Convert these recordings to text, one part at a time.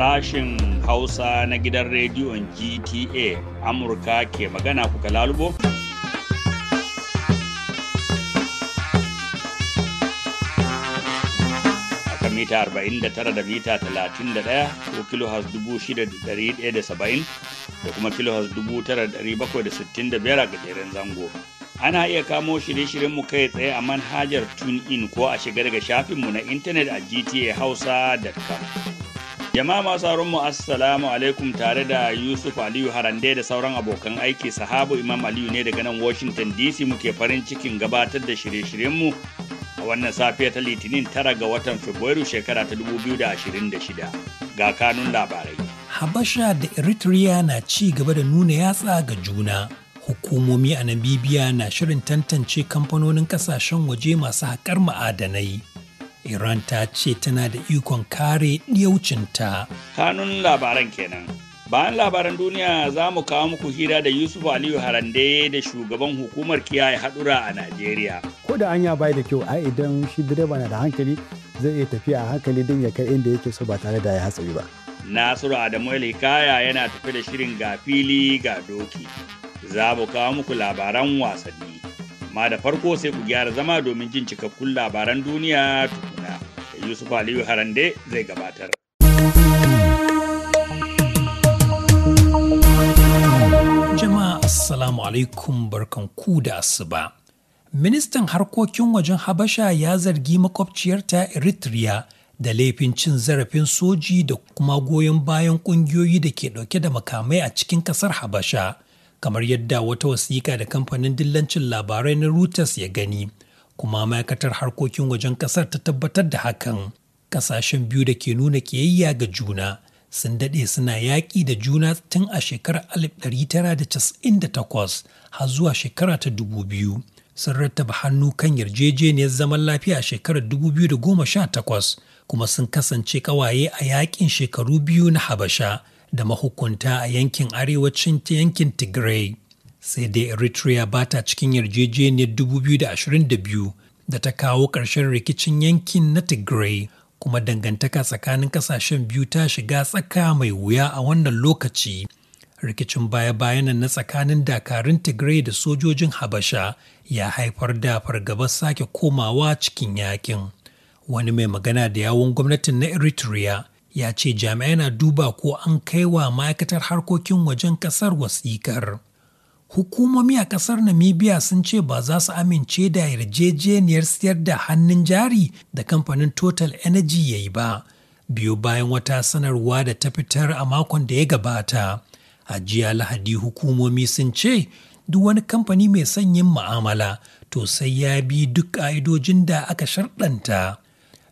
Sashin Hausa na gidan rediyon GTA Amurka ke magana kuka lalubo? Aka mita 49 da mita 31 ko kilo has 6,170 da kuma kilo has 9,765 a gajeren zango. ana iya kamo shirye-shiryenmu kai tsaye a manhajar tune in ko a shiga daga shafinmu na intanet a gtahausa.com. Jama'a masu sauran assalamu alaikum tare da Yusuf Aliyu Harande da sauran abokan aiki sahabu Imam Aliyu ne daga nan Washington DC muke farin cikin gabatar da shirye-shiryenmu a wannan safiya ta Litinin tara ga watan Fabrairu shekara ta 2026 ga kanun labarai. Habasha da Eritrea na ci gaba da nuna yatsa ga juna. Hukumomi a Namibia na shirin tantance kamfanonin kasashen waje masu haƙar ma'adanai. Iran ta ce tana da ikon kare ɗiyaucinta. Kanun labaran kenan. Bayan labaran duniya za mu kawo muku hira da Yusuf Aliyu Harande da shugaban hukumar kiyaye haɗura a Najeriya. Ko da anya bai da kyau ai idan shi direba na da hankali zai iya tafiya a hankali don ya kai inda yake so ba tare da ya hatsari ba. Nasiru Adamu Hikaya yana tafi da shirin ga fili ga doki. Za mu kawo muku labaran wasanni. ma da farko sai ku gyara zama domin jin cikakkun labaran duniya tukun. Yusuf Aliyu Harande zai gabatar. Jama'a Assalamu alaikum barkan ku da asuba. Ministan harkokin wajen Habasha ya zargi makwabciyarta Eritrea da laifin cin zarafin soji da kuma goyon bayan ƙungiyoyi da ke dauke da makamai a cikin ƙasar Habasha, kamar yadda wata wasiƙa da kamfanin dillancin labarai na Reuters ya gani. kuma ma'aikatar harkokin wajen kasar ta tabbatar da hakan kasashen biyu da ke nuna kiyayya ga juna sun daɗe suna yaƙi da juna tun a shekarar 1998 har zuwa shekara ta 2000 sun rattaba hannu kan yarjejeniyar zaman lafiya a shekarar 2018 kuma sun kasance kawaye a yaƙin shekaru biyu na habasha da mahukunta a yankin arewacin ta yankin tigray sai dai eritrea ba ta cikin yarjejeniyar 2022 da ta kawo ƙarshen rikicin yankin na Tigray. Kuma dangantaka tsakanin ƙasashen biyu ta shiga tsaka mai wuya a wannan lokaci. Rikicin baya-bayan na tsakanin dakarun Tigray da sojojin Habasha ya haifar da fargabar sake komawa cikin yakin. Wani mai magana da yawon gwamnatin na Eritrea ya ce jami'ai na duba ko an kai wa ma'aikatar harkokin wajen ƙasar wasikar. hukumomi a kasar namibia sun ce ba za su amince da yarjejeniyar siyar da hannun jari da kamfanin total energy ya yi ba biyu bayan wata sanarwa da ta fitar a makon da ya gabata a jiya lahadi hukumomi sun ce duk wani kamfani mai sanyin ma'amala to sai ya bi duk ƙa'idojin da aka sharɗanta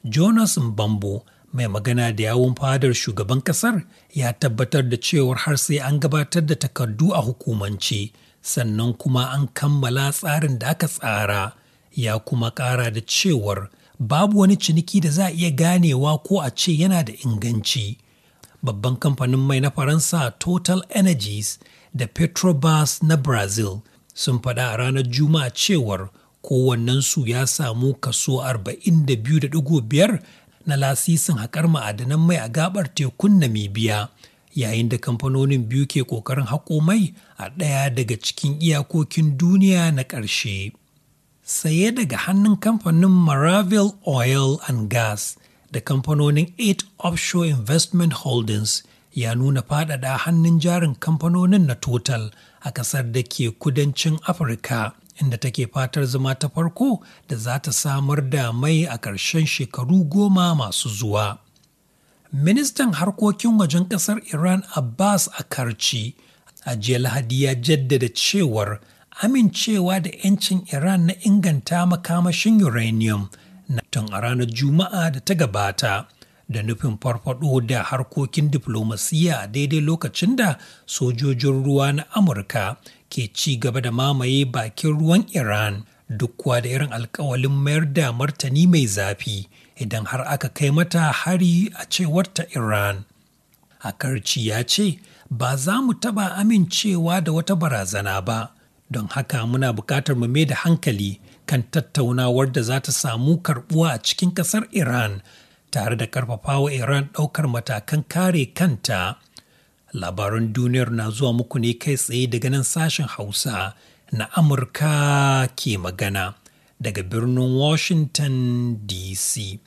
jonas mbambo mai magana da yawun fadar shugaban kasar ya tabbatar da cewar har sai an gabatar da takardu a hukumance sannan kuma an kammala tsarin da aka tsara ya kuma ƙara da cewar babu wani ciniki da za a iya ganewa ko a ce yana da inganci. Babban kamfanin mai na Faransa Total Energies da Petrobras na Brazil sun faɗa a ranar Juma'a cewar su ya samu kaso 42.5 na lasisin haƙar ma'adanan mai a gabar tekun Namibia yayin da kamfanonin biyu ke ƙoƙarin haƙo mai a ɗaya daga cikin iyakokin duniya na ƙarshe. Saye daga hannun kamfanin Maravil Oil and Gas da kamfanonin 8 Offshore Investment Holdings ya nuna faɗaɗa hannun jarin kamfanonin na Total a ƙasar da ke kudancin Afirka. inda take fatar zama ta farko da za ta samar da mai a ƙarshen shekaru goma masu zuwa. Ministan harkokin wajen ƙasar Iran Abbas Akarci a jiya Lahadi ya jaddada cewar amincewa da 'yancin Iran na inganta makamashin uranium na tun a ranar Juma'a da ta gabata da nufin farfado da harkokin diflomasiyya a daidai lokacin da sojojin ruwa na Amurka ke ci gaba da mamaye bakin ruwan Iran. duk kuwa da irin alkawalin mayar da martani mai zafi idan har aka kai mata hari a cewarta Iran. akarci ya ce, ba za mu taba amincewa da wata barazana ba, don haka muna bukatar mu mai da hankali kan tattaunawar da za ta samu karbuwa a cikin kasar Iran, tare da karfafawa Iran ɗaukar matakan kare kanta. Labaran duniyar na zuwa muku ne kai tsaye daga nan sashen Hausa na Amurka ke magana daga birnin Washington DC.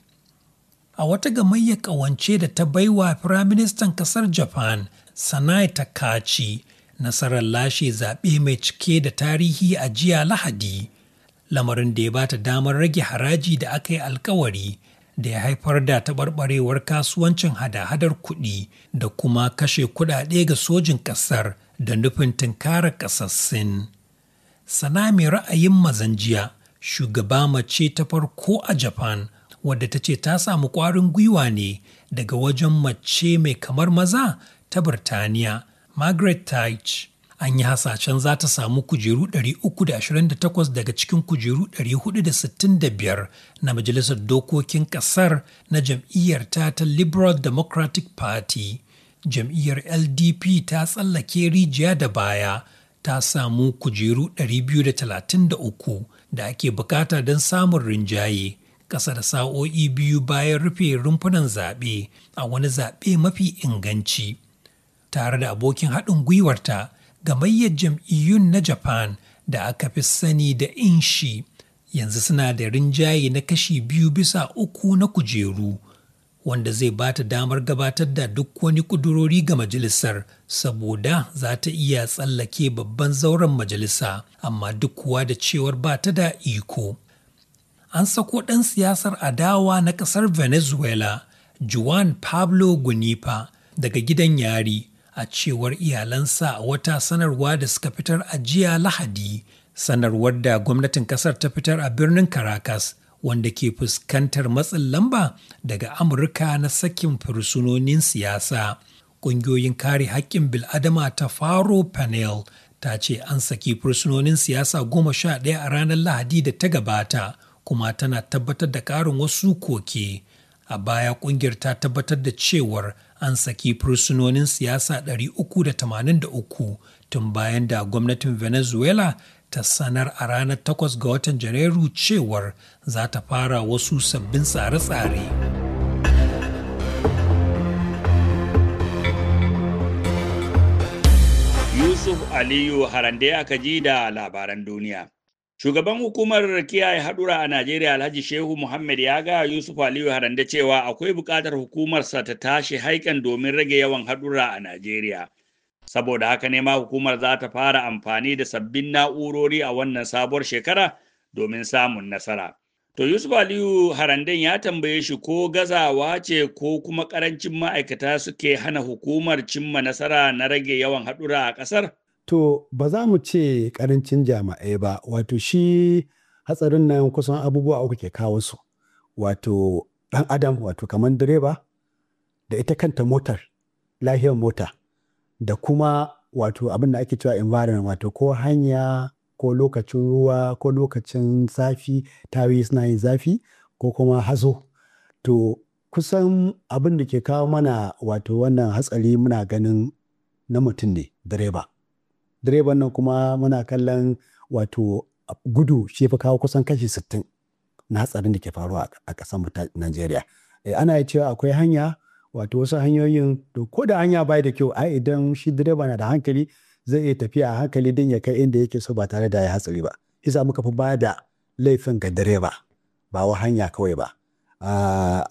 A wata gamayyar ƙawance da ta baiwa Firaministan ƙasar Japan, Sanai Takachi, nasarar lashe zaɓe mai cike da tarihi a jiya Lahadi, lamarin da ya bata damar rage haraji da aka yi alkawari da ya haifar da taɓarɓarewar kasuwancin hada-hadar kuɗi da kuma kashe kuɗaɗe ga sojin ƙasar da nufin tunkarar ƙasar Sin. Sanami ra'ayin mazanjiya shugaba mace ta farko a Japan wadda ta ce ta samu ƙwarin gwiwa ne daga wajen mace mai kamar maza ta Birtaniya, Margaret Thatch. An yi hasashen za ta samu kujeru 328 daga cikin kujeru 465 na Majalisar Dokokin Ƙasar na jam'iyyar ta ta Liberal Democratic Party. Jam'iyyar LDP ta tsallake rijiya da baya ta samu kujeru 233 da ake bukata don samun rinjaye ƙasa da sa'o'i biyu bayan rufe rumfunan zaɓe a wani zaɓe mafi inganci tare da abokin haɗin gwiwarta ga gamayyar jam'iyyun na japan da aka fi sani da inshi yanzu suna da rinjaye na kashi biyu bisa uku na kujeru wanda zai ba ta damar gabatar da duk wani kudurori ga majalisar saboda za ta iya tsallake babban zauren majalisa amma duk kuwa da cewar ba ta da iko an sako ɗan siyasar adawa na ƙasar venezuela juan pablo gunipa daga gidan yari a cewar iyalansa a wata sanarwa da suka fitar a jiya lahadi sanarwar da gwamnatin ƙasar ta fitar a birnin caracas wanda ke fuskantar matsin lamba daga amurka na sakin fursunonin siyasa ƙungiyoyin kare haƙƙin bil'adama ta faro panel ta ce an saki fursunonin siyasa goma sha ɗaya a ranar lahadi da ta gabata kuma tana tabbatar da ƙarin wasu koke a baya ƙungiyar ta tabbatar da cewar an saki fursunonin siyasa 383 tun bayan da gwamnatin venezuela ta sanar a ranar 8 ga watan Janairu cewar za ta fara wasu sabbin tsare-tsare. Yusuf Aliyu Harande aka ji da labaran duniya. Shugaban hukumar kiyaye haɗura a Najeriya Alhaji Shehu Muhammad ya ga Yusuf Aliyu Harande cewa akwai buƙatar hukumarsa ta tashi haikan domin rage yawan haɗura a Najeriya. saboda haka ne ma hukumar za ta fara amfani da sabbin na'urori a wannan sabuwar shekara domin samun nasara. To Yusuf Aliyu Haranden ya tambaye shi ko gazawa ce ko kuma ƙarancin ma'aikata suke hana hukumar cimma nasara na rage yawan haɗura a ƙasar? To ba za mu ce ƙarancin jama'ai ba, wato shi hatsarin nan kusan abubuwa uku ke kawo su. Wato ɗan adam wato kamar direba da ita kanta motar, lahiyar mota. da kuma wato abin da ake cewa environment wato ko hanya ko lokacin ruwa ko lokacin zafi tawi suna yin zafi ko kuma hazo to kusan abin da ke kawo mana wato wannan hatsari muna ganin na mutum ne direba direban nan kuma muna kallon wato gudu shi fi kawo kusan kashi 60 na hatsarin da ke faruwa a ƙasar Najeriya eh, ana cewa akwai hanya wato wasu hanyoyin to ko da hanya bai da kyau ai idan shi direba na da hankali zai iya tafiya a hankali din ya kai inda yake so ba tare da ya hatsari ba isa muka fi ba da laifin ga direba ba wa hanya kawai ba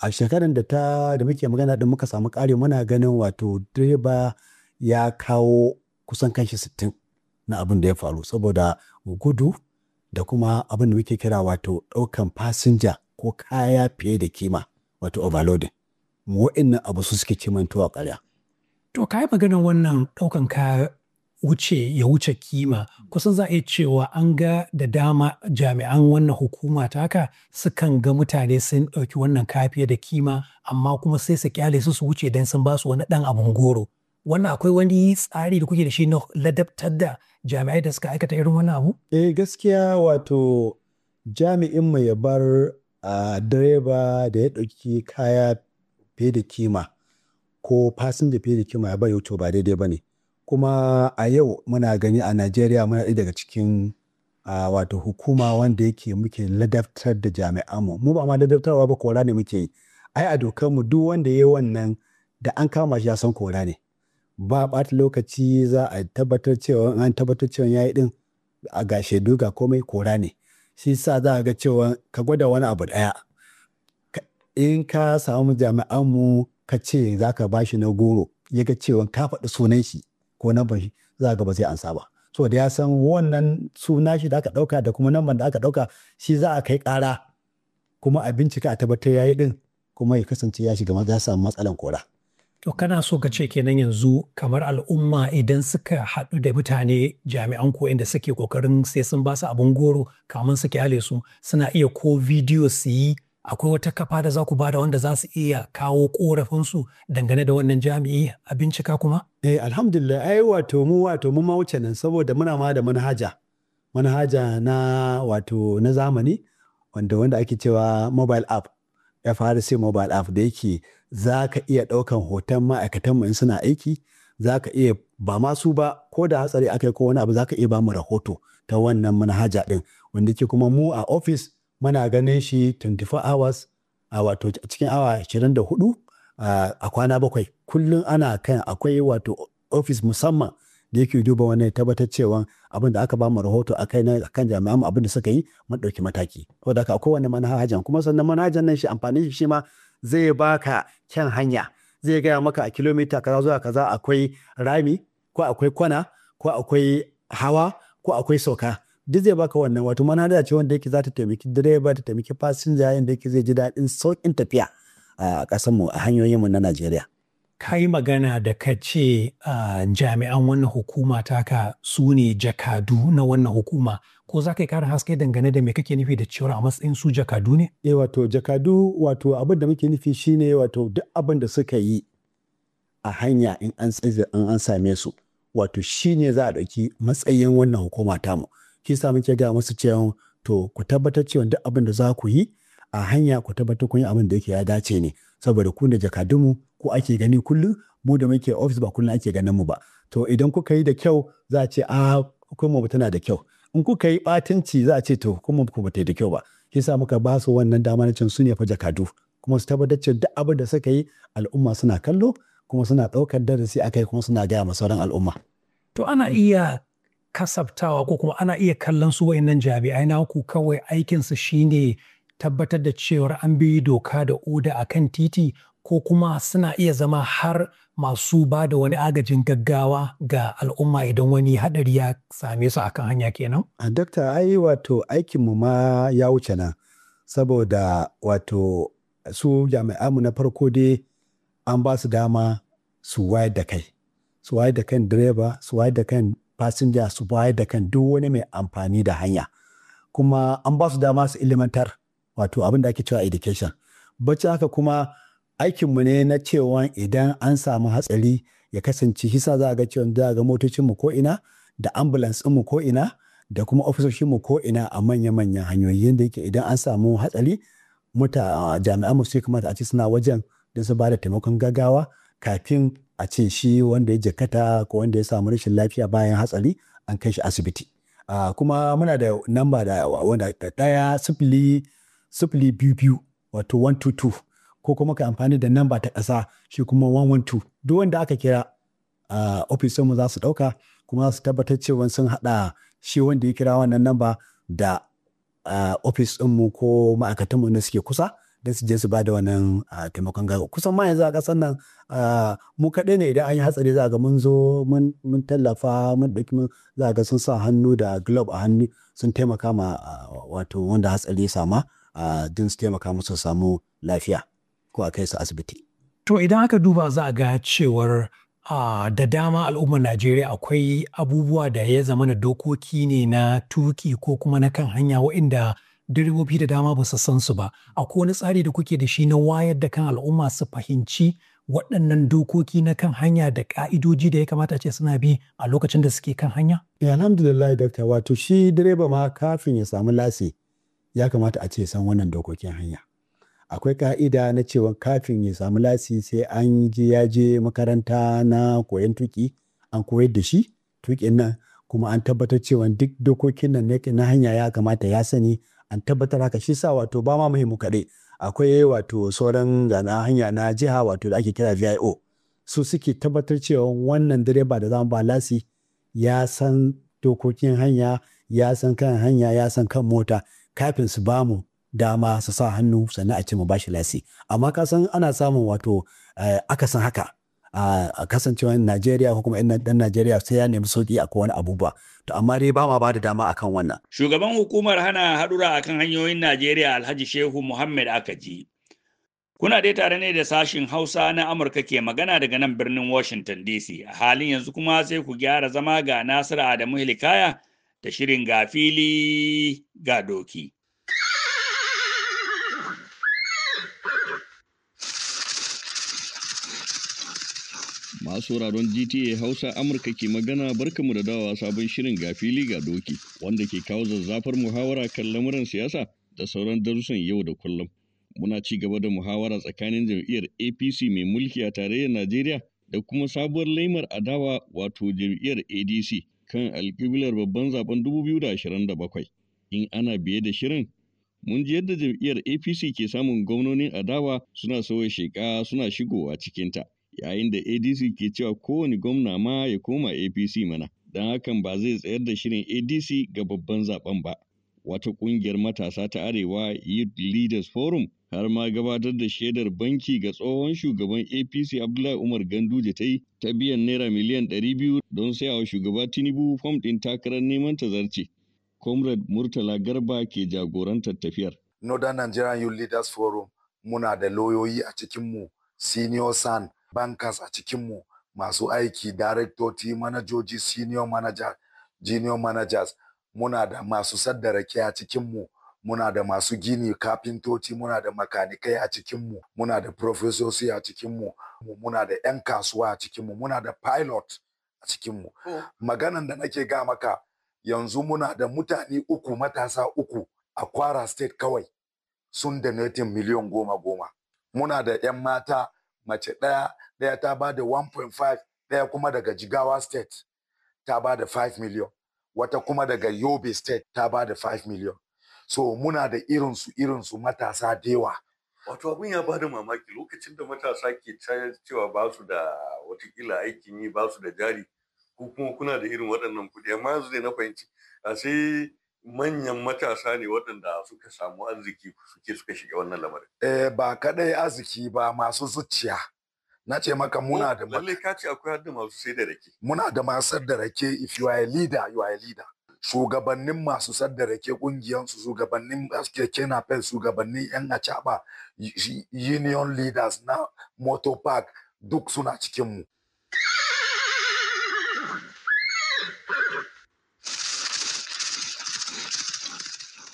a shekarar da ta da muke magana da muka samu ƙari muna ganin wato direba ya kawo kusan kanshi sittin na abin da ya faru saboda gudu da kuma abin da muke kira wato ɗaukan fasinja ko kaya fiye da kima wato overloading wa'annan abu su suke cimantowa ƙarya. To ka yi maganar wannan ɗaukan ka wuce ya wuce kima kusan za a iya cewa an ga da dama jami'an wannan hukuma ta haka sukan ga mutane sun ɗauki wannan kafiya da kima amma kuma sai su kyale su su wuce don sun ba su wani ɗan abun goro. Wannan akwai wani tsari da kuke da shi na ladabtar da jami'ai da suka aikata irin wani abu? Eh gaskiya wato jami'in mu ya bar a ah, direba da ya ɗauki kaya fiye da kima ko fasinja fiye da kima ya bari wuce ba daidai ba ne kuma a yau muna gani a najeriya muna ɗaya daga cikin wato hukuma wanda yake muke ladabtar da jami'an mu ba ma ladabtarwa ba kora ne muke yi ai a mu duk wanda ya yi wannan da an kama shi ya san kora ne ba ɓata lokaci za a tabbatar cewa an tabbatar cewa ya yi ɗin a ga shaidu komai kora ne shi sa za a ga cewa ka gwada wani abu ɗaya in ka samu jami'an mu ka ce za ka ba shi na goro ya ga cewa ka faɗi sunan shi ko nan shi za ga ba zai ansa ba so da ya san wannan suna shi da aka ɗauka da kuma nan da aka ɗauka shi za a kai ƙara kuma a bincika a tabbatar ya yi ɗin kuma ya kasance ya shiga ya samu matsalan kora. To kana so ka ce kenan yanzu kamar al'umma idan suka haɗu da mutane jami'an ko inda suke ƙoƙarin sai sun ba su abin goro kamun suke hale su suna iya ko bidiyo su yi akwai wata kafa da za ku bada wanda za su iya kawo korafinsu dangane da wannan jami'i a bincika kuma? Eh alhamdulillah ai wato mu wato mu ma nan saboda muna ma da manhaja manhaja na wato na zamani wanda wanda ake cewa mobile app FRC mobile app da yake za ka iya ɗaukan hoton ma'aikatan mu in suna aiki za ka iya ba masu ba ko da hatsari aka yi ko wani abu za ka iya ba mu rahoto ta wannan manhaja ɗin wanda ke kuma mu a office muna ganin shi 24 hours a wato cikin awa 24 a kwana bakwai kullum ana kan akwai wato ofis musamman da yake duba wani tabbatar cewa abin aka ba mu rahoto a kai kan jami'an mu abin da suka yi mun ɗauki mataki ko da haka kowane manhajan kuma sannan manhajan nan shi amfanin shi ma zai baka kyan hanya zai gaya maka a kilomita kaza zuwa kaza akwai rami ko akwai kwana ko akwai hawa ko akwai sauka duk zai baka wannan wato manhaja ce wanda yake za ta taimaki direba ta taimaki fasinja yayin da yake zai ji daɗin sauƙin tafiya a ƙasar mu a hanyoyin mu na Najeriya ka yi magana da ka ce jami'an wannan hukuma ka su ne jakadu na wannan hukuma ko za ka yi ƙara haske dangane da me kake nufi da cewa a matsayin su jakadu ne? Eh wato jakadu wato abin da muke nufi shine wato duk abin da suka yi a hanya in an an same su wato shine za a ɗauki matsayin wannan hukuma tamu. mu. shi sa muke ga musu cewa to ku tabbatar cewa duk abin da za ku yi a hanya ku tabbatar kun yi abin da yake ya dace ne saboda ku da jakadunmu ko ake gani kullum mu da muke ofis ba kullum ake ganin mu ba to idan kuka yi da kyau za a ce a ba tana da kyau in kuka yi batunci za a ce to hukumar ku yi da kyau ba shi sa muka ba su wannan dama na cin su ne fa jakadu kuma su tabbatar cewa duk abin da suka yi al'umma suna kallo kuma suna ɗaukar darasi akai kuma suna gaya ma sauran al'umma to ana iya kasabtawa ko kuma ana iya kallon su wayannan jami'ai naku kawai aikinsu shine tabbatar da cewar an bi doka da oda a kan titi ko kuma suna iya zama har masu ba da wani agajin gaggawa ga al'umma idan wani haɗari ya same su akan hanya kenan? A dakta ai wato aikinmu ma ya wuce nan saboda wato su jami'anmu na farko dai an ba su dama su wayar da kai su wayar da kan direba su wayar da kan fasinja su bayar da kan duk wani mai amfani da hanya kuma an ba su dama su ilimantar wato abin da ake cewa education bacci haka kuma aikinmu ne na cewa idan an samu hatsari ya kasance hisa za a ga cewa za a ga motocinmu ko ina da ambulance mu ko ina da kuma ofisoshinmu ko ina a manya-manyan hanyoyi da yake idan an samu hatsari muta jami'an mu su kamata a ci suna wajen don su ba da taimakon gaggawa kafin a ce shi wanda ya jakata ko wanda ya samu rashin lafiya bayan hatsari an kai shi asibiti uh, kuma muna da namba da wanda ta daya sifili biyu biyu wato 122 ko kuma ka amfani da namba ta kasa shi kuma 112 duk wanda aka kira uh, mu za su ɗauka kuma za su tabbatar cewa sun haɗa shi wanda ya kira wannan namba da ofis ɗinmu ko ma'aikatanmu na suke kusa don su je su ba wannan taimakon gaggawa kusan ma yanzu a ƙasar nan mu kaɗai ne idan an yi hatsari za ga mun zo mun tallafa mun ɗauki mun za ga sun sa hannu da glove a hannu sun taimaka ma wato wanda hatsari ya sama don su taimaka musu samu lafiya ko a kai su asibiti. To idan aka duba za a ga cewar da dama al'ummar Najeriya akwai abubuwa da ya zama na dokoki ne na tuki ko kuma na kan hanya waɗanda direbobi da dama ba su san su ba akwai wani tsari da kuke da shi na wayar da kan al'umma su fahimci waɗannan dokoki na kan hanya da ƙa'idoji da ya kamata ce suna bi a lokacin da suke kan hanya? Eh, alhamdulillah dr. wato shi direba ma kafin ya samu lasi ya kamata a ce san wannan dokokin hanya akwai ka'ida na cewa kafin ya samu lasi sai an je ya je makaranta na koyon tuki an koyar da shi tukin nan kuma an tabbatar cewa duk dokokin nan na hanya ya kamata ya sani an tabbatar haka shi sa wato ba ma muhimmu kaɗai akwai wato sauran gana hanya na jiha wato da ake kira VIO su suke tabbatar cewa wannan direba da zamu ba lasi ya san dokokin hanya ya san kan hanya ya san kan mota kafin su ba mu dama su sa hannu sannan a ce mu shi lasi amma ka san ana samun wato eh, akasin haka a kasancewa Najeriya ko kuma ɗan Najeriya sai ya nemi sauki a wani abubuwa. To amma dai ba ma ba da dama akan wannan. Shugaban hukumar hana haɗura akan hanyoyin Najeriya Alhaji Shehu Muhammad Akaji. Kuna dai tare ne da sashin Hausa na Amurka ke magana daga nan birnin Washington DC. A halin yanzu kuma sai ku gyara zama ga Nasiru Adamu Hilikaya da shirin ga fili ga doki. Masu sauraron GTA Hausa Amurka ke magana barkamu da dawa sabon shirin ga fili ga doki wanda ke kawo zazzafar muhawara kan lamuran siyasa da sauran darussan yau da kullum. Muna ci gaba da muhawara tsakanin jam'iyyar APC mai mulki a tarayyar Najeriya da kuma sabuwar laimar adawa wato jam'iyyar ADC kan alƙiblar babban zaben bakwai, In ana biye da shirin mun ji yadda jam'iyyar APC ke samun gwamnonin adawa suna sauya sheka suna shigowa cikinta. yayin da ADC ke cewa kowane gwamna ma ya koma APC mana don hakan ba zai tsayar da shirin ADC ga babban zaben ba. Wata ƙungiyar matasa ta Arewa Youth Leaders Forum har ma gabatar da shaidar banki ga tsohon shugaban APC Abdullahi Umar Ganduje ta yi ta biyan naira miliyan 200 don wa shugaba Tinubu fom ɗin takarar neman ta zarce. Comrade Murtala Garba ke jagorantar tafiyar. Northern Nigerian Youth Leaders Forum muna da lauyoyi a cikinmu, Senior San, bankers a cikinmu masu aiki daraktoci manajoji senior manager junior managers muna da masu sadda rake a cikinmu muna da masu gini kafintoci muna da makanikai a cikinmu muna da profesosi a cikinmu muna da 'yan kasuwa a cikinmu muna da pilot a cikinmu oh. maganan da nake ga maka yanzu muna da mutane uku matasa uku a kwara state kawai sun donatin miliyan goma goma muna da 'yan mata mace ɗaya ɗaya ta ba da 1.5 ɗaya kuma daga jigawa state ta ba da 5 million wata kuma daga yobe state ta ba da 5 million so muna da irinsu irinsu matasa dewa. wato abin ya ba da mamaki lokacin da matasa ke cewa ba su da watakila aikin yi ba su da jari ko kuma kuna da irin waɗannan kuɗi amma yanzu ne na fahimci a sai manyan matasa ne waɗanda suka samu arziki suke suka shiga wannan lamarin. Eh ba kadai arziki ba masu zuciya. Na ce maka muna da ma. Lalle ka ce akwai da masu sai da rake. Muna da masu sayar da rake if you are a leader you are a leader. Shugabannin masu sayar da rake kungiyansu shugabannin keke Kenafel, shugabannin yan acaba union leaders na motor park duk suna cikin mu.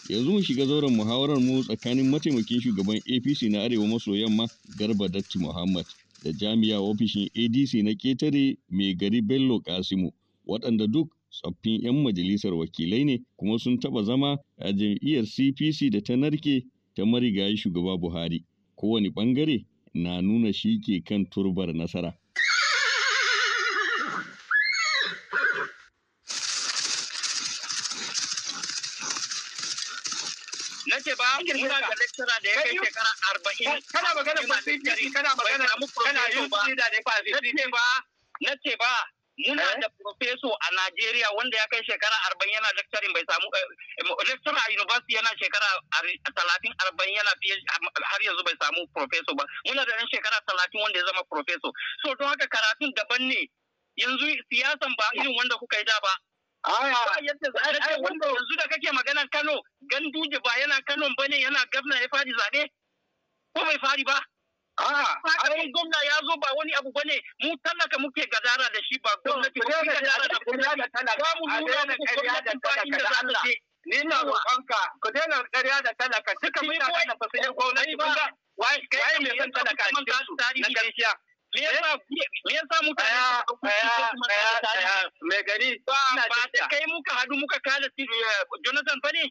yanzu mu shiga zauren muhawarar mu tsakanin mataimakin shugaban apc na arewa maso yamma garba datti muhammad da jami'a ofishin adc na ketare mai gari bello kasimu waɗanda duk tsoffin 'yan majalisar wakilai ne kuma sun taɓa zama a jam'iyyar cpc da ta narke ta marigayi shugaba buhari kowane ɓangare na nuna shi ke kan turbar nasara ka da ba na ce ba muna eh? da profeso a Najeriya wanda ya kai shekara arba'in yana lecturing bai samu eh, eh, lecturer a university yana shekara talatin arba'in yana har yanzu bai samu profeso ba muna da ɗan shekara talatin wanda ya zama profeso so don haka karatun daban ne yanzu siyasan ba irin wanda kuka yi da ba yanzu da kake magana Kano ganduje ba yana Kano bane yana gabna ya fari zabe ko bai fari ba Hakanin gwamna ya zo ba wani abu bane mu tallaka muke gadara da shi ba gwamnati ko muke gadara da gwamnati ba mu nuna muku gwamnati ba inda za ta je. Ni na roƙonka ku daina ƙarya da talaka duka mutanen da ba su yi gwamnati ba wai kai mai son talaka cikin su na gaskiya. Me yasa mutane mai gari ba kai muka hadu muka kada Jonathan fa ne?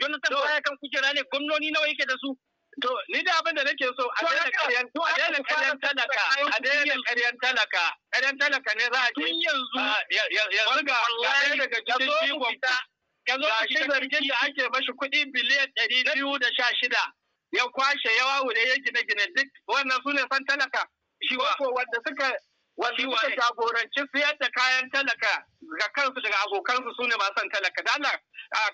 Jonathan baya kan kujera ne gwamnoni nawa yake da su? To ni da abin da nake so a daina karyan a daina karyan talaka a daina karyan talaka karyan talaka ne za a ce yanzu ah, yanzu ga wallahi daga cikin jigon ka zo ki zargin da ake mashi kuɗi biliyan ɗari biyu da sha shida ya kwashe yawa wuri ya gine-gine duk wannan su ne san talaka koko wanda suka wanda suka jagoranci siyar da kayan talaka ga kansu daga abokansu sune ne masu talaka da Allah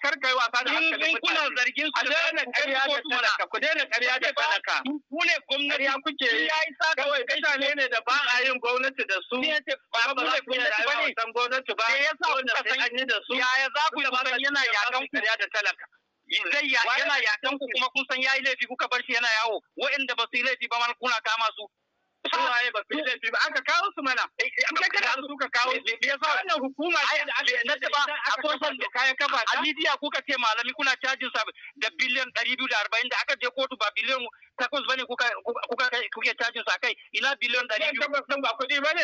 kar kai wasa da hankalin mutane kuna zargin su da daina ƙarya da talaka ku daina ƙarya da talaka ku ne gwamnati ya kuke yi kawai mutane ne da ba a yin gwamnati da su ba ba za ku yi rayuwa san gwamnati ba ya sa ku san an yi da su yaya za ku yi yana yakan ƙarya da talaka zai yana yakan ku kuma kun san yayi laifi kuka bar shi yana yawo wa'anda ba su yi laifi ba ma kuna kama su suwaye ba su ba aka ka kawo su eh, eh, yasa wannan hukuma ce da ba a kofar da kayan kafa a Libya kuka ce malami kuna cajin sa da biliyan 240 da aka je kotu ba biliyan takwas bane kuka kuka kuke cajin sa kai ina biliyan 200 ba kuɗi bane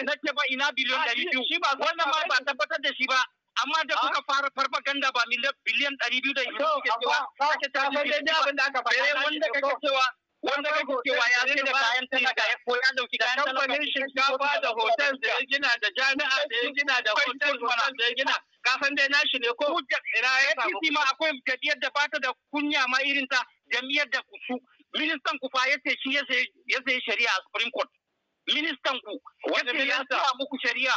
ina biliyan 200 shi wannan ma ba tabbatar da shi ba amma da kuka fara farfaganda ba miliyan biliyan 200 da yake cewa kake cajin da aka faɗa wanda kake cewa wanda kake cewa ya sai da kayan talaka ya koya dauki kayan talaka kamfanin shinkafa da hotel da ya gina da jami'a da ya gina da hotel da ya gina kafin dai nashi ne ko hujjar APC ma akwai jam'iyyar da bata da kunya ma irin ta jam'iyyar da su ministan ku fa yace shi ya sayi shari'a a Supreme Court ministan ku wanda ya sa muku shari'a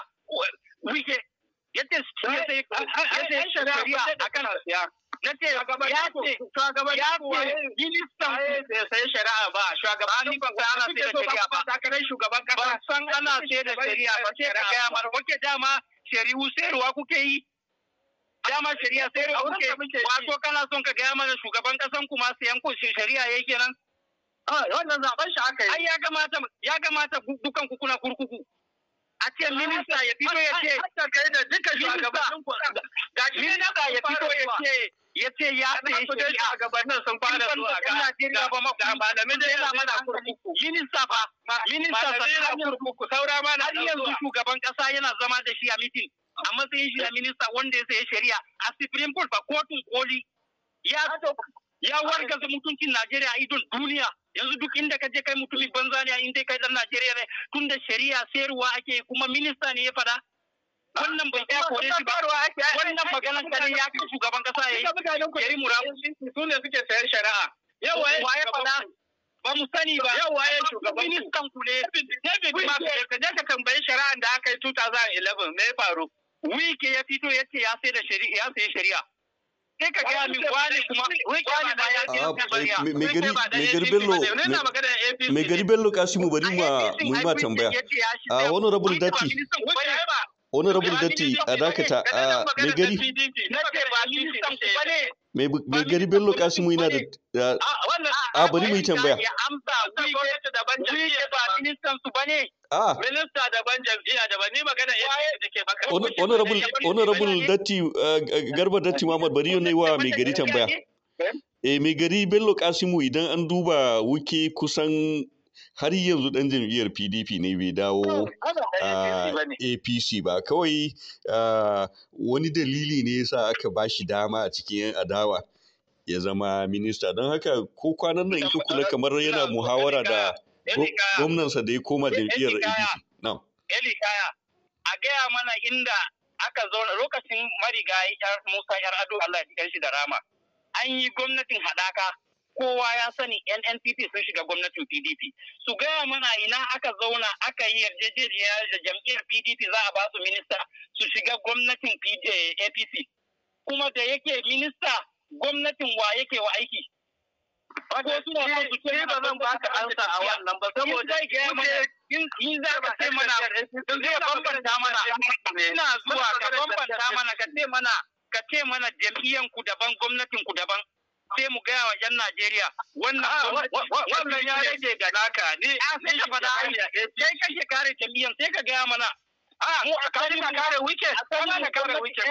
wike yace shi ya sai ya sai shari'a ya ce ya ce shari'a ba ana da shari'a ba san ana da shari'a ba ka dama shari'u sayarwa kuke yi dama shari'a sayarwa kuke wato kana son ka gaya mana shugaban kasan kuma nan ah, ai ya kamata ya kamata dukan ku kuna kurkuku a ce minista ya fito ya ce da duka shugabannin ga shi minista ya fito ya ce ya ce ya tsaye gabanin sun fara zuwa ga ba mafi malamin da yana mana kurkuku minista fa minista kurkuku saura ma na yanzu shugaban kasa yana zama da shi a mitin a matsayin shi na minista wanda ya sayi shari'a a Supreme Court ba kotun koli ya wargaza mutuncin Najeriya a idon duniya yanzu duk inda ka je kai mutumin banza ne a dai kai dan Najeriya ne tun da shari'a sayarwa ake kuma minista ne ya faɗa wannan bai ya kore shi ba wannan maganar kan ya kai shugaban kasa yayi yi murabu su ne suke sayar shari'a yawa ya faɗa ba mu sani ba yawa ya shugaban ministan ku ne David Mark ka je ka tambayi shari'a da aka yi 2011 me ya faru wike ya fito ya ce ya sai da shari'a ya sai shari'a sai ka min wani kuma wani ya ce eh, gari bello me gari bello kasimu bari ma mu ma tambaya a wani rabul dati wani dati a dakata a me gari mai gari bello kasimu yana da a bari mu yi tambaya minista daban jam'iyya daban garba datti muhammad bari ne wa mai gari tambaya eh mai gari bello kasimu idan an duba wuke kusan har yanzu dan jam'iyyar pdp ne bai dawo hmm, apc ah, ba kawai ah, wani dalili ne yasa aka ba shi dama a cikin yan adawa ya zama minista don haka ko kwanan nan ita kula kamar yana muhawara da gwamnansa da ya koma jam'iyyar apc a gaya mana inda aka zauna lokacin marigayi Musa 'yar ado Allah ya shi da rama an yi gwamnatin haɗaka kowa ya sani NNPP sun shiga gwamnatin PDP. Su gaya mana ina aka zauna aka yi yarjejeniya da jam'iyyar PDP za a ba su minista su shiga gwamnatin eh, APC. Kuma da yake minista gwamnatin wa yake wa aiki. Ko su son su ce ba zan ka ansa a wannan ba saboda in za ka ce mana zai bambanta mana ina zuwa ka bambanta mana ka ce mana ka ce mana jam'iyyanku daban gwamnatinku daban. sai mu gaya wa 'yan Najeriya wannan ah, wannan ya rage ga naka ni ah, sai ka faɗa sai ka ke kare jami'an sai ka gaya mana a ah, mu a kare ka kare wike kana ka kare wike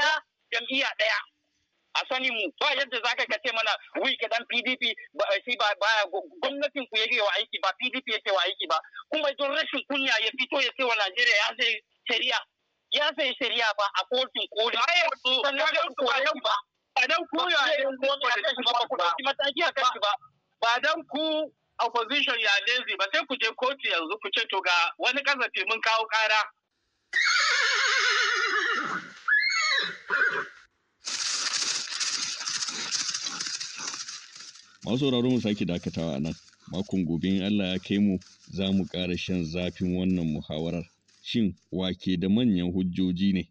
jami'a daya a sani mu ba yadda zaka ka ce mana wike dan PDP ba eh, shi ba gwamnatin ku yake wa aiki ba PDP yake wa aiki ba kuma don rashin kunya ya fito ya ce wa Najeriya ya sai shari'a ya sai shari'a ba a kotun koli sannan ba ba don ku ya mataki a ba ba dan ku opposition ya lezi ba sai ku je kotu yanzu ku ce to ga wani kasafi mun kawo kara masu mu sake dakatawa a nan makon gobe in Allah ya kai mu za mu ƙara shan zafin wannan muhawarar shin wake da manyan hujjoji ne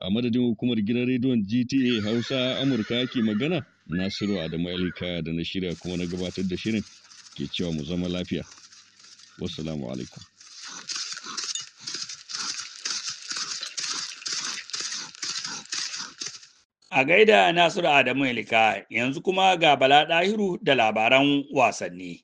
a madadin hukumar gidan rediyon gta hausa amurka ke magana nasiru adamu alika da na shirya kuma na gabatar da shirin ke cewa mu zama lafiya wassalamu alaikum a gaida nasiru adamu alika yanzu kuma ga bala ɗahiru da labaran wasanni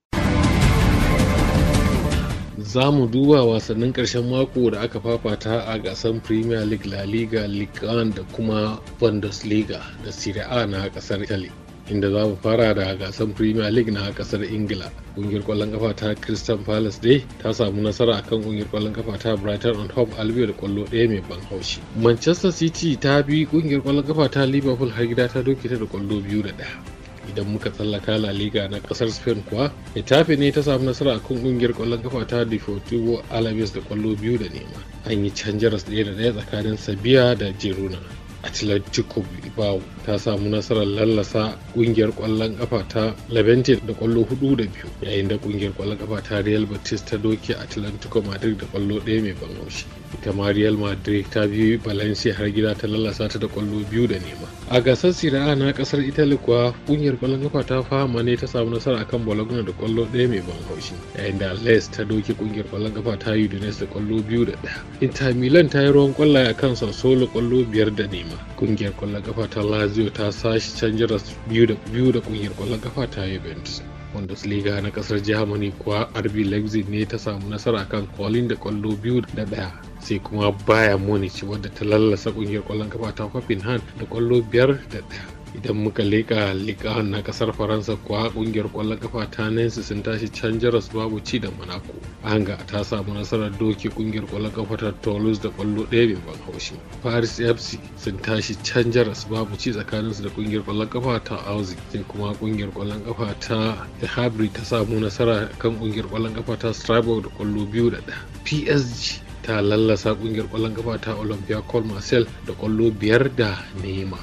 za mu duba wasannin ƙarshen mako da aka fafata a gasar premier league la liga ligue da kuma bundesliga da serie a na ƙasar italy inda za mu fara da gasar premier league na ƙasar ingila ƙungiyar ƙwallon kafa ta crystal palace dai ta samu nasara akan ƙungiyar kwallon kafa ta brighton on hove albion da kwallo ɗaya mai ban haushi manchester city ta bi ƙungiyar kwallon kafa ta liverpool har gida ta doke ta da kwallo biyu da ɗaya idan muka tsallaka la liga na kasar spain kuwa itafi ne ta samu nasara a kan kungiyar kwallon kafa ta deportivo alaves da kwallo biyu da nema an yi canjaras ɗaya da ɗaya tsakanin sabiya da jeruna atletico bilbao ta samu nasarar lallasa kungiyar kwallon kafa ta Levante da kwallo hudu da biyu yayin da kungiyar kwallon kafa ta Real Betis ta doke Atlantico Madrid da kwallo ɗaya mai ban haushi. Ita ma Real Madrid ta biyu Valencia har gida ta lallasa ta da kwallo biyu da nema. A gasar Serie na kasar Italy kuwa kungiyar kwallon kafa ta fama ne ta samu nasara akan Bologna da kwallo ɗaya mai ban haushi yayin da Les ta doke kungiyar kwallon kafa ta Udinese da kwallo biyu da ɗaya. Inter Milan ta yi ruwan kwallaye akan Sassuolo kwallo biyar da nema. Kungiyar kwallon kafa ta Lazio lazio ta sashi canji biyu da kungiyar kwallon kafa ta juventus bundesliga na kasar germany kuwa rb leipzig ne ta samu nasara kan kolin da kwallo biyu da daya sai kuma baya munich wadda ta lallasa kungiyar kwallon kafa ta Hoffenheim da kwallo biyar da daya idan muka leƙa liƙa na ƙasar faransa kuwa ƙungiyar ƙwallon kafa ta nancy sun tashi can jaras babu ci da monaco hanga ta samu nasarar doki ƙungiyar ƙwallon kafa ta toulouse da ƙwallo ɗaya mai ban haushi paris fc sun tashi can jaras babu ci tsakaninsu da ƙungiyar ƙwallon kafa ta auzi sai kuma ƙungiyar ƙwallon kafa ta the habri ta samu nasara kan ƙungiyar ƙwallon kafa ta strasbourg da ƙwallo biyu da ɗaya psg ta lallasa ƙungiyar kwallon kafa ta olympia col marcel da kwallo biyar da nema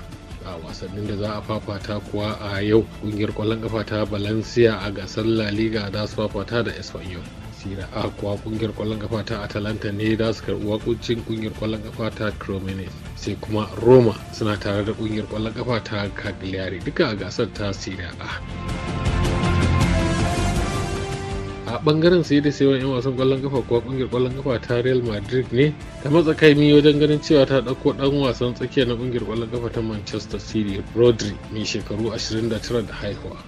a wasannin da za a fafata kuwa a yau kungiyar kwallon kafa ta valencia a gasar la liga za su fafata da espanyol sira a kuwa kungiyar kwallon kafa ta atalanta ne za su karbi wakuncin kungiyar kwallon kafa ta cremonese sai kuma roma suna tare da kungiyar kwallon kafa ta cagliari duka a gasar ta sira a a bangaren sai da sayan 'yan wasan kwallon kafa kuwa kungiyar kwallon kafa ta real madrid ne ta matsa kaimi wajen ganin cewa ta ɗauko ɗan wasan tsakiya na kungiyar kwallon kafa ta manchester city rodri mai shekaru 29 da haihuwa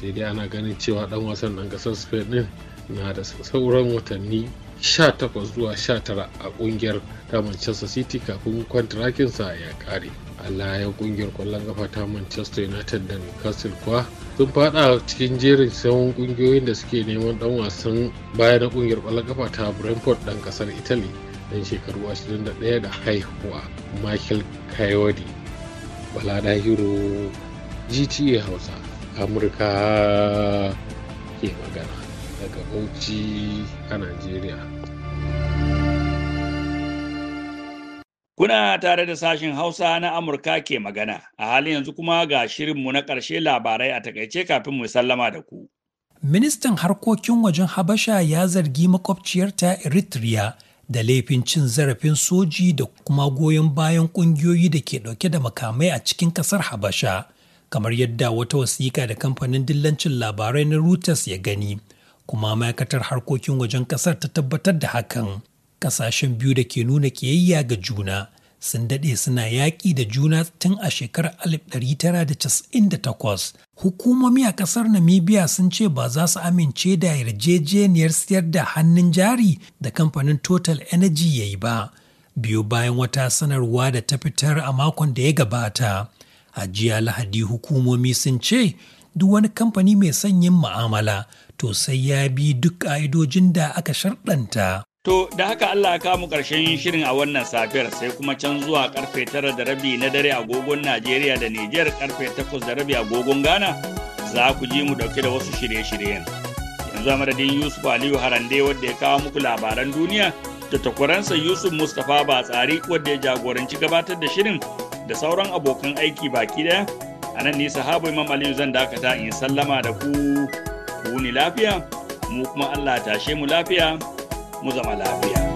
sai dai ana ganin cewa ɗan wasan ɗan ƙasar spain ɗin na da sauran watanni 18 zuwa 19 a kungiyar ta manchester city kafin kwantarakinsa ya kare allah ya kungiyar kwallon kafa ta manchester united da newcastle kuwa sun fada cikin jerin sauran kungiyoyin da suke neman dan wasan baya na kungiyar ƙwallon kafa ta brentford dan kasar italy dan shekaru 21 da haihuwa michael coyote balada hero gta hausa amurka ke magana daga bauchi a nigeria Kuna tare da sashen Hausa na Amurka ke magana, a halin yanzu kuma ga shirinmu na ƙarshe labarai a takaice kafin mu sallama da ku. Ministan harkokin wajen Habasha ya zargi makwabciyarta Eritrea da laifin cin zarafin soji da kuma goyon bayan ƙungiyoyi da ke ɗauke da makamai a cikin ƙasar Habasha, kamar yadda wata wasiƙa da kamfanin dillancin labarai na Reuters ya gani, kuma ma'aikatar harkokin wajen ƙasar ta tabbatar da hakan. Ƙasashen biyu da ke nuna kiyayya ga juna sun daɗe suna yaƙi da juna tun a shekarar 1998. Hukumomi a ƙasar Namibia sun ce ba za su amince da yarjejeniyar siyar da hannun jari da kamfanin Total Energy ya yi ba. Biyu bayan wata sanarwa da ta fitar a makon da ya gabata. A jiya Lahadi hukumomi sun ce duk wani kamfani mai sanyin ma'amala to sai ya bi duk ƙa'idojin da aka sharɗanta. To da haka Allah ya kamu ƙarshen shirin a wannan safiyar sai kuma can zuwa karfe tara da rabi na dare agogon Najeriya da Nijar karfe takwas da rabi agogon Ghana za ku ji mu dauke da wasu shirye-shiryen. Yanzu a madadin Yusuf Aliyu Harande wadda ya kawo muku labaran duniya da takwaransa Yusuf Mustapha Batsari wadda ya jagoranci gabatar da shirin da sauran abokan aiki baki daya. A nan ne sahabu Imam Aliyu zan dakata in sallama da ku ku ni lafiya mu kuma Allah tashe mu lafiya. mu zama lafiya